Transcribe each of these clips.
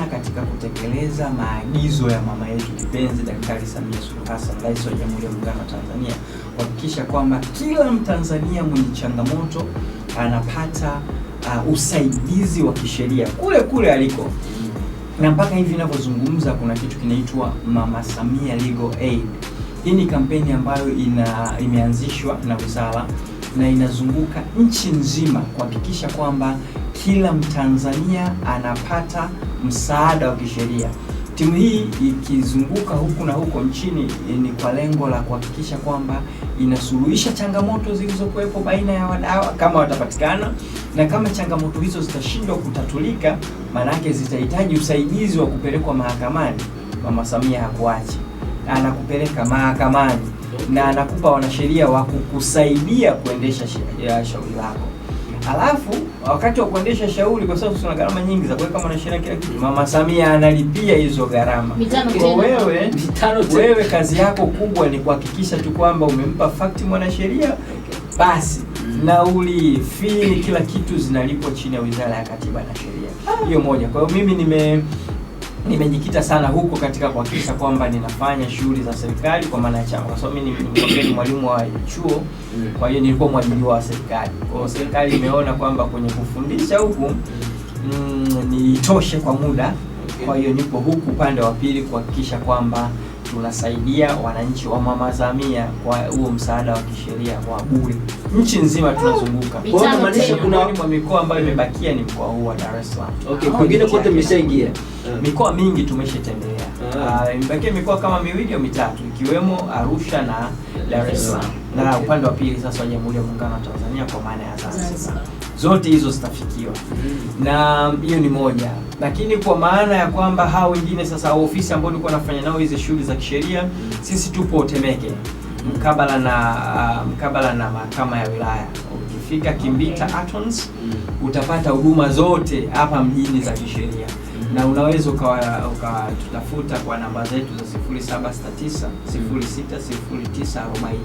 sana katika kutekeleza maagizo ya mama yetu kipenzi Daktari Samia Suluhu Hassan, Rais wa Jamhuri ya Muungano wa Tanzania, kuhakikisha kwamba kila Mtanzania mwenye changamoto anapata uh, usaidizi wa kisheria kule kule aliko na mpaka hivi ninavyozungumza kuna kitu kinaitwa Mama Samia Legal Aid. Hii ni kampeni ambayo ina imeanzishwa na wizara na inazunguka nchi nzima kuhakikisha kwamba kila Mtanzania anapata msaada wa kisheria. Timu hii ikizunguka huku na huko nchini eh, ni kwa lengo la kuhakikisha kwamba inasuluhisha changamoto zilizokuwepo baina ya wadau kama watapatikana, na kama changamoto hizo zitashindwa kutatulika, maanake zitahitaji usaidizi wa kupelekwa mahakamani. Mama Samia hakuachi, anakupeleka mahakamani na anakupa wanasheria wa kukusaidia kuendesha eh, shauri lako alafu wakati wa kuendesha shauri, kwa sababu tuna gharama nyingi za kuweka mwanasheria kila kitu, Mama Samia analipia hizo gharama. Wewe wewe kazi yako kubwa ni kuhakikisha tu kwamba umempa fakti mwanasheria basi mm. nauli fee, kila kitu zinalipwa chini ya Wizara ya Katiba na Sheria. Hiyo moja. Kwa hiyo mimi nime nimejikita sana huko katika kuhakikisha kwamba ninafanya shughuli za serikali kwa maana ya chama, kwa sababu mimi ni mwalimu wa chuo, kwa hiyo nilikuwa mwajiliwa wa serikali. Kwa hiyo serikali imeona kwamba kwenye kufundisha huku mm, nitoshe kwa muda, kwa hiyo nipo huku upande wa pili kuhakikisha kwamba tunasaidia wananchi wa Mama Samia kwa huo msaada wa kisheria wa bure nchi nzima tunazunguka. Kwa hiyo maanisha kuna mwa mikoa ambayo imebakia ni mkoa huu wa Dar es Salaam. Okay, kwingine kote mmeshaingia. Mikoa mingi tumeshatembelea. Ah. Ah, imebakia mikoa kama miwili au mitatu ikiwemo Arusha na Dar es Salaam na upande wa pili sasa wa Jamhuri ya Muungano wa Tanzania kwa maana ya Zanzibar. Zote hizo zitafikiwa na hiyo ni moja, lakini kwa maana ya kwamba hao wengine sasa, ofisi ambao tulikuwa nafanya nao hizi shughuli za kisheria, sisi tupo Temeke mkabala na uh, mkabala na mahakama ya wilaya. Ukifika Kimbita Atons utapata huduma zote hapa mjini za kisheria na unaweza ukatutafuta kwa namba zetu za 0769 0690 arobaini.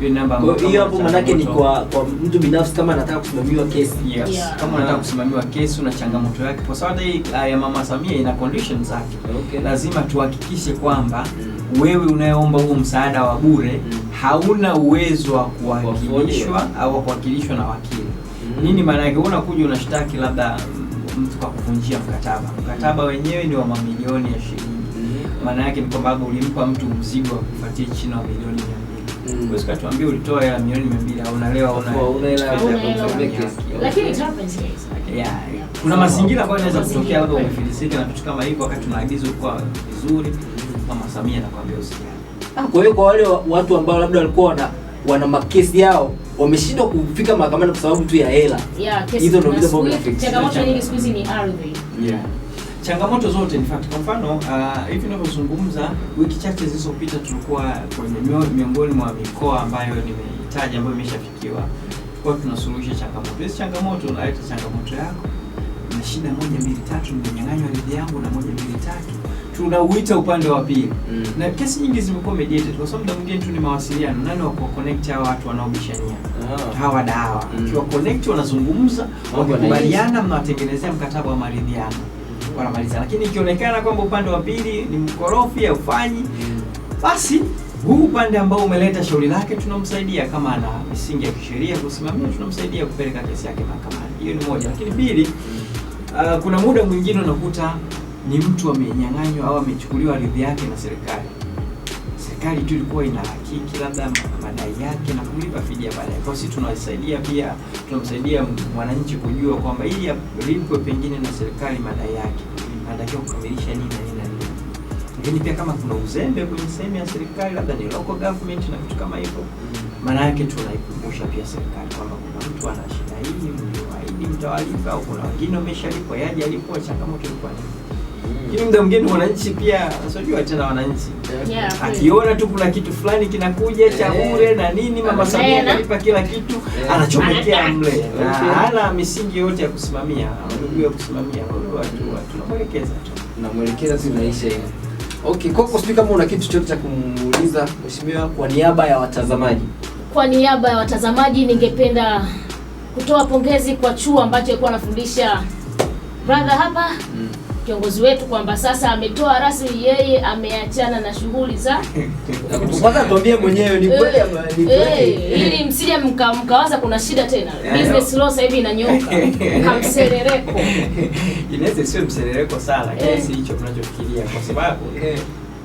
Hiyo namba hiyo hapo, manake ni kwa kwa mtu binafsi, kama anataka kusimamiwa kesi yes. yeah. kama anataka kusimamiwa kesi una changamoto yake, kwa sababu hii ah, ya mama Samia ina conditions zake okay. lazima tuhakikishe kwamba mm. wewe unayeomba huo msaada wa bure mm. hauna uwezo wa kuwakilishwa au kuwakilishwa na wakili mm. nini maana yake, unakuja unashtaki labda mtu kwa kuvunjia mkataba. Mkataba wenyewe ni wa mamilioni ya shilingi, mm-hmm. maana yake ni kwamba ulimpa mtu mzigo wa kufuatia chini wa milioni mia mbili. Wewe mm. kutuambia ulitoa hela milioni mia mbili hauna leo hauna hela. Kuna mazingira ambayo inaweza kutokea, labda umefilisika na vitu kama hivyo, wakati unaagiza kwa vizuri, Mama Samia anakuambia usijali. Ah, kwa hiyo kwa wale watu ambao labda walikuwa wana makesi yao wameshindwa kufika mahakamani kwa sababu tu ya hela. Hizo ndio ambavyo Changamoto nyingi siku hizi ni ardhi. Changamoto zote in fact, kwa mfano uh, hivi uh, ninavyozungumza, wiki chache zilizopita tulikuwa kwenye miongoni mwa mikoa ambayo nimeitaja ambayo imeshafikiwa kwa tunasuluhisha changamoto hizi. Changamoto unaleta changamoto yako na shida moja mbili tatu, nimenyang'anywa ardhi yangu na moja mbili tatu tunauita upande wa pili mm. na kesi nyingi zimekuwa mediated kwa sababu muda mwingine tu ni mawasiliano, nani wa connect hawa watu wanaobishania oh. hawa dawa mm. kiwa connect wanazungumza wakikubaliana, mnatengenezea mkataba wa maridhiano mm. wanamaliza, lakini ikionekana kwamba upande wa pili ni mkorofi haufanyi mm. basi huu upande ambao umeleta shauri lake tunamsaidia, kama ana misingi ya kisheria kusimamia, tunamsaidia kupeleka kesi yake mahakamani. Hiyo ni moja, lakini pili, mm. uh, kuna muda mwingine unakuta ni mtu amenyang'anywa au amechukuliwa ardhi yake na serikali. Serikali tu ilikuwa ina hakiki labda madai yake na kulipa fidia baadaye. Kwa sisi tunawasaidia pia, tunamsaidia mwananchi kujua kwamba ili alipwe pengine na serikali madai yake anatakiwa kukamilisha nini na nini Lakini pia kama kuna uzembe kwenye sehemu ya serikali, labda ni local government na vitu kama hivyo, maana yake tunaikumbusha pia serikali kwamba kuna mtu ana shida hii, mliwaahidi mtawalipa, au kuna wengine wameshalipwa, yaje alipo, changamoto ilikuwa nini? Lakini mda mwingine wananchi pia unajua tena wananchi. Yeah, akiona tu kuna kitu fulani kinakuja cha bure na nini, Mama Samia analipa kila kitu, anachomekea mle. Na hana misingi yote ya kusimamia, ya kusimamia watu watu tunamwelekeza tu. Tunamwelekeza si naisha hivi. Okay, Kwa sijui kama una kitu chote cha kumuuliza mheshimiwa kwa niaba ya watazamaji. Kwa niaba ya watazamaji ningependa kutoa pongezi kwa chuo ambacho alikuwa anafundisha brother hapa mm kiongozi wetu kwamba sasa ametoa rasmi, yeye ameachana na shughuli za kwanza. tuambie mwenyewe ni kweli ama ni eh, kweli, eh, ili msije mkawaza kuna shida tena. Eh, Business law sasa hivi inanyooka kamserereko, inaweza sio mserereko sana kiasi hicho tunachofikiria, kwa sababu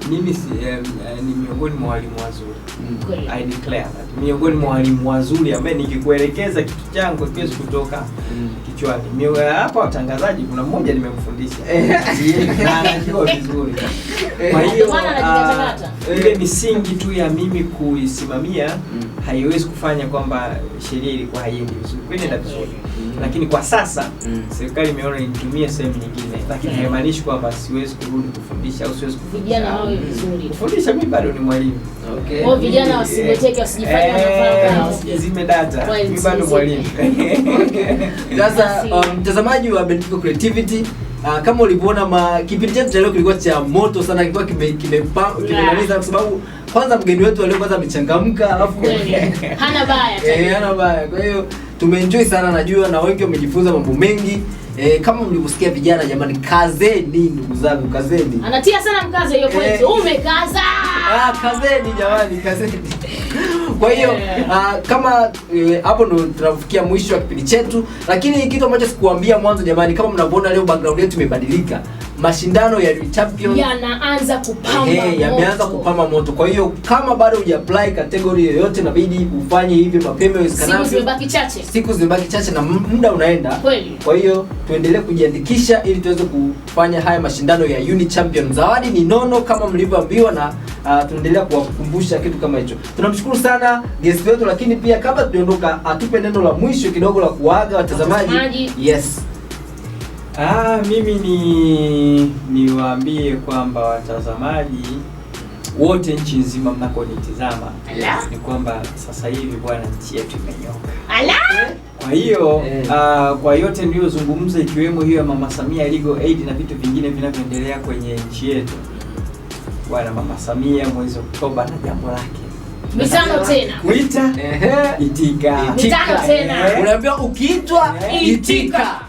mimi si eh, eh, ni miongoni mwa walimu wazuri mm. I declare that miongoni mwa walimu wazuri ambaye nikikuelekeza kitu changu kiwezi kutoka mm. kichwani. Eh, hapa watangazaji, kuna mmoja nimemfundisha na anajua vizuri. Kwa hiyo ah, ile misingi tu ya mimi kuisimamia mm haiwezi kufanya kwamba sheria ilikuwa haiendi vizuri, inaenda vizuri mm -hmm. Lakini kwa sasa mm serikali imeona nitumie sehemu nyingine, lakini mm haimaanishi kwamba siwezi kurudi kufundisha au siwezi kufundisha vizuri. Kufundisha mimi bado ni mwalimu okay. Wao vijana wasingoteke, wasijifanye wanafanya eh, eh, zime data, mimi bado mwalimu. Sasa um, mtazamaji wa Bendigo Creativity Uh, kama ulivyoona ma... kipindi chetu cha leo kilikuwa cha moto sana, kilikuwa kime kimepamba kimemaliza kwa sababu kwanza mgeni wetu leo kwanza amechangamka, alafu eh, hana baya eh, hana baya. Kwa hiyo tumeenjoy sana, najua na wengi wamejifunza mambo mengi. eh, kama mlivyosikia vijana, jamani, kazeni ndugu zangu, kazeni. Anatia sana mkazo hiyo kwetu, eh. umekaza. Ah, kazeni jamani, kazeni Kwa hiyo uh, kama eh, hapo uh, ndo tunafikia mwisho wa kipindi chetu, lakini kitu ambacho sikuambia mwanzo, jamani, kama mnavyoona leo background yetu imebadilika mashindano ya Ligue yanaanza kupamba hey, yameanza kupamba moto. Kwa hiyo kama bado apply category yoyote, inabidi ufanye hivi mapema iwezekanavyo. Siku zimebaki chache, siku zimebaki chache na muda unaenda kweli. Kwa hiyo tuendelee kujiandikisha ili tuweze kufanya haya mashindano ya Uni Champion. Zawadi ni nono kama mlivyoambiwa na uh, tunaendelea kuwakumbusha kitu kama hicho. Tunamshukuru sana guest wetu, lakini pia kabla tunaondoka, atupe neno la mwisho kidogo la kuaga watazamaji. Yes. Ah, mimi ni niwaambie kwamba watazamaji wote nchi nzima mnakonitizama ni kwamba sasa hivi bwana, nchi yetu imenyoka. Kwa hiyo eh, Uh, kwa yote niliyozungumza ikiwemo hiyo ya Mama Samia Legal Aid na vitu vingine vinavyoendelea kwenye nchi yetu bwana, Mama Samia mwezi Oktoba na jambo lake mitano tena kuita itika, eh. eh. itika. Unaambia ukiitwa itika.